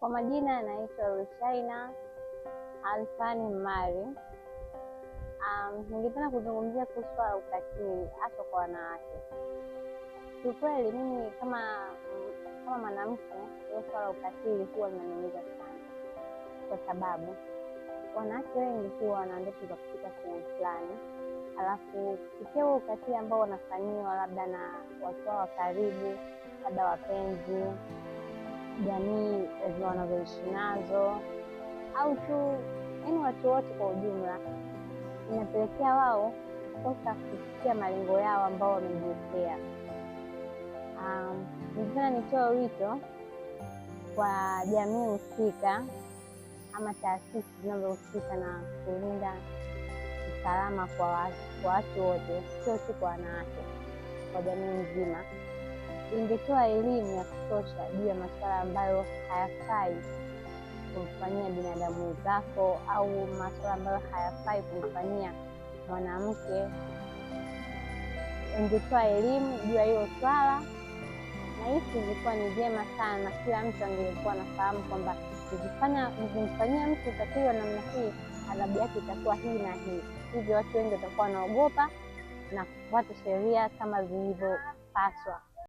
Kwa majina anaitwa Rushaina Alfani Mari. Um, ningependa kuzungumzia kuhusu swala ukatili hasa kwa wanawake. Kiukweli mimi kama kama mwanamke, hiyo swala la ukatili huwa linaniumiza sana, kwa sababu wanawake wengi huwa wana ndoto za kufika sehemu fulani, alafu kupitia huo ukatili ambao wanafanyiwa labda na watu wao wa karibu, labda wapenzi jamii wanavyoishi nazo au tu yani watu wote kwa ujumla, inapelekea wao kukosa kufikia malengo yao ambao wamejiwekea. Um, nilipenda nitoe wito kwa jamii husika ama taasisi zinazohusika na kulinda usalama kwa watu wote, sio tu kwa wanawake, kwa jamii nzima ingetoa elimu ya kutosha juu ya masuala ambayo hayafai kumfanyia binadamu zako au masuala ambayo hayafai kumfanyia mwanamke. Ingetoa elimu juu ya hiyo swala, na hisi ilikuwa ni jema sana, na kila mtu angelikuwa anafahamu kwamba nikimfanyia mtu ukatili wa namna hii, adhabu yake itakuwa hii na hii. Hivyo watu wengi watakuwa wanaogopa na kufuata sheria kama zilivyopaswa.